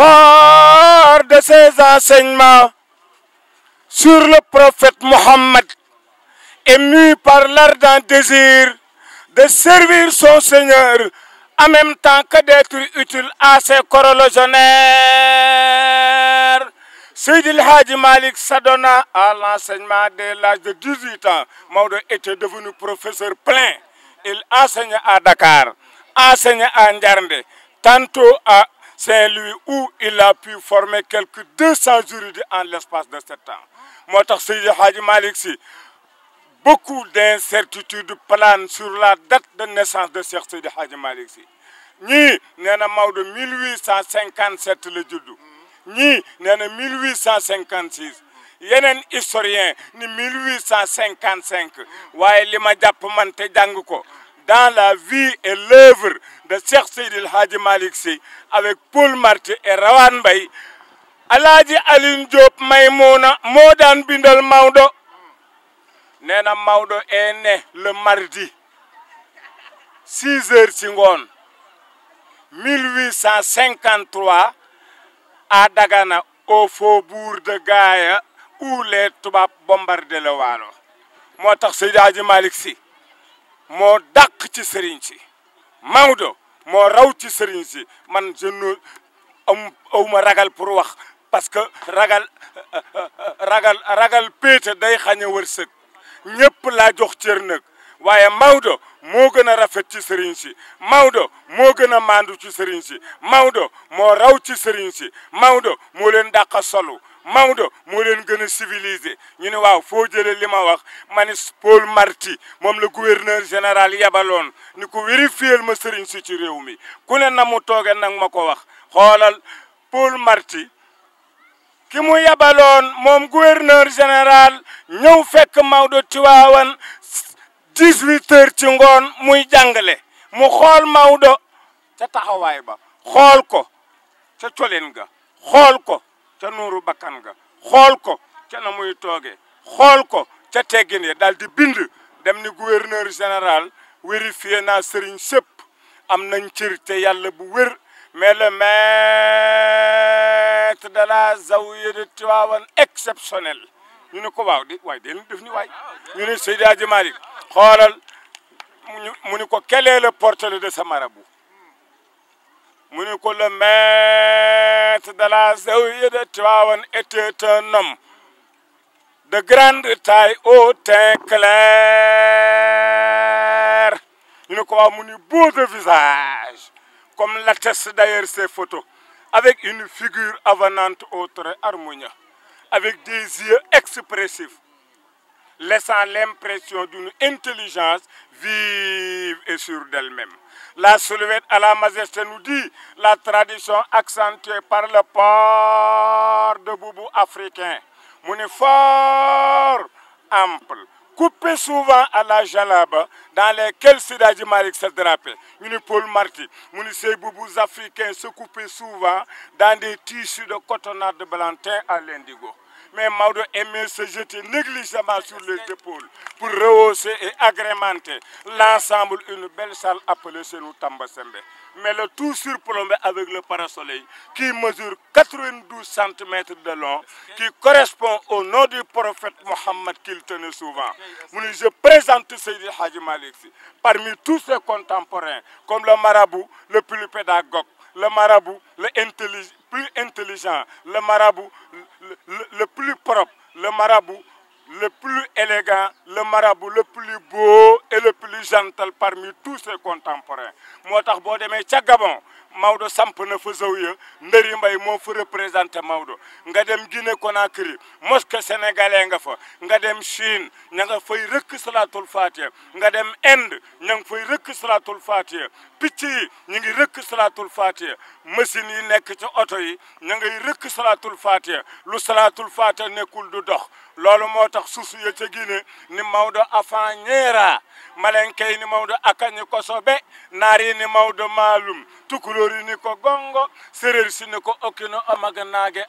fort de ses enseignements sur le prophète Mohammed, ému par l'ardent désir de servir son Seigneur en même que d'être utile à ses corologionnaires. Sidi Hadji Malik s'adonna à l'enseignement dès l'âge de 18 ans. Maodo était devenu professeur plein. Il enseignait à Dakar, enseignait à Ndiarndé, tantôt à Saint-Louis où il a pu former quelques 200 juridis en l'espace de sept ans moo tax Seydi Hadji Malick Sy beaucoup d'incertitudes planent sur la date de naissance de Cheikh Seydi Hadji Malick Sy ñii nee na Maodo 1857 le juddu ñii nee na 1856 yeneen historien ni 1855 waaye li ma jàpp man te jàng ko dans la vie et l'œuvre de Cheikh Seydil Hadji Malick Sy avec Paul Marty et Rawane Mbaye Alaaji Alioune Diop Maymuna moo daan bindal Maodo nee na Maodo est né le mardi six heures ci ngoon 1853 à Dagana au faubourg de Gaaya où les tubaab bombardaient Waalo moo tax Seydi Hadji Malick Sy moo dàq ci sëriñ si Maodo moo raw ci sëriñ si man je ne awma ragal pour wax parce que ragal ragal ragal péete day xañ a wërsëg ñëpp laa jox cër nag waaye Maodo moo gën a rafet ci sëriñ si Maodo moo gën a maandu ci sëriñ si Maodo moo raw ci sëriñ si Maodo moo leen dàq solu Maodo moo leen gën a civilisé ñu ne waaw foo jëlee li ma wax ma ni Paul Marty moom la gouverneur général yabaloon ni ko vérifier ma sëriñ si ci réew mi ku ne na mu tooge nag ma ko wax xoolal Paul Marty ki mu yabaloon moom gouverneur général ñëw fekk Maodo Tiwaawan dix-huit heures ci ngoon muy jàngale mu xool Maodo ca taxawaay ba xool ko ca coleen ga xool ko ca nuuru bakkan ga xool ko ca na muy toogee xool ko ca teggin ya daal di bind dem ni gouverneur général vérifié na sëriñ sëpp am nañ cër te yàlla bu wér mais le maître de la zawiya de Tivaouane exceptionnel ñu ne ko waaw di waay den def ni waay ñu ne Seydi Hadji Malick xoolal mu ni ko quel est le portrait de sa marabout mu ko le maître prêtre de la Zawiya de Tivaouane était un homme de grande taille au teint clair ñu ni beau de visage comme l'attestent d'ailleurs ses photos avec une figure avenante au trait avec des expressifs laissant l'impression d'une intelligence vive et sûre d'elle-même. La silhouette à la majesté nous dit la tradition accentuée par le port de boubou africain. Mu ne fort ample, coupé souvent à la jalaba dans lesquels Sidaji Malick se drapait. Mu ne Paul Marty, mu ne ces boubous africains se coupaient souvent dans des tissus de cotonnade de blanc à l'indigo. mais Maodo aimait se jeter négligemment sur les épaules pour rehausser et agrémenter l'ensemble une belle salle appelée chez nous Tamba Sembé. Mais le tout sur surplombé avec le parasoleil qui mesure 92 cm de lon qui correspond au nom du prophète Mohammed qu'il tenait souvent. Je présente Seydi Haji Malik parmi tous ses contemporains, comme le marabout, le plus pédagogue, le marabout, le intellig plus intelligent, le marabout, le plus propre le marabout le plus élégant le marabout le plus beau et le plus gentil parmi tous ses contemporains moo tax boo demee ca Gabon Maodo samp na fa zawiya Ndari Mbay moo fa représenté Maodo nga dem ko Guinée Conakry mosquée sénégalais nga fo nga dem Chine ña nga fay rëkk salatul fatiha nga dem Inde ña nga fay rëkk salatul fatiha picc yi ñu ngi rëkk salatul fatiha machine yi nekk ci oto yi ña ngay rëkk salatul fatiha lu salatul fatiha nekkul du dox loolu moo tax susu ya ca Guinée ni Maodo afañeera malenke yi ni Maodo akañi kosobe naar yi ni Maodo maalum tukulu tukulóori ni ko gongo séréer si ni ko okkino o maga naage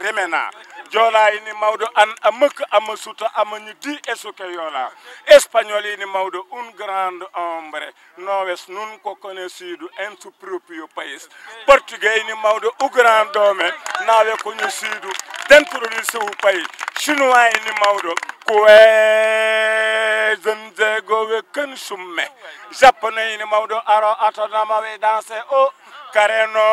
remena joolaayi ni mawɗo an a ama suta amañu di e yoola espagnol yi ni mawɗo un grande ombre nowes nun ko conocido en su proprio pais portugais ni mawɗo u grande dome naawe koñu siidu dentro du seu pays chinois ni mawɗo kuwe zunze gowe kan summe japanay ni mawdo aro atona mawe danse o kareno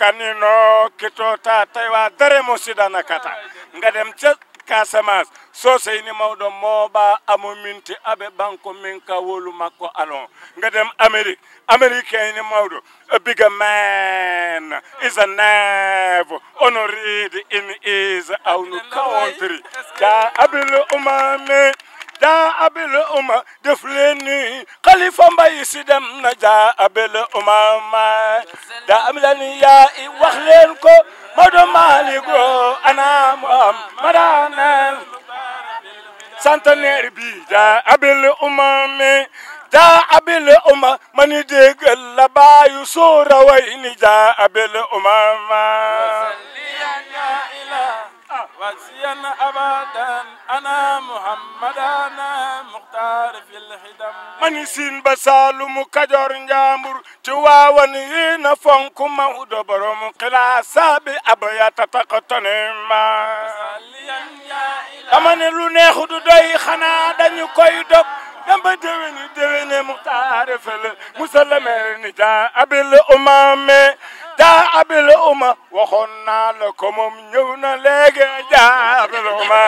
kanino kito ta taiwa dare mo sidana kata ngadem cet casamance soseyni mawɗo mooɓa amo minti aɓe banko min wolu makko alon gadem amérique américaine mawɗo a biga man is a nave ono riide in is awnu country da abilo umame da abele uma def leen ni xalifa mbay si dem na da abele uma ma da am la ni yaa i wax leen ko Modou Malick Lo ana Muhammadan centenaire bi ja abil umami ja abil umma mani déggal la baayu suura way ni ja abil umama ناسيا أبدا أنا محمد أنا مختار في الخدم من سين بسالم كجور جامبر تواوان هنا فنكم أود برم قلاسا بأبيات تقتنما أمان lu neexu du doy xanaa dañu koy dog damba déwéni déwéni muxtaar fële musalame ni jaa abil umame daa abil uma waxoon naa la ko moom ñëw na léegi jaabil uma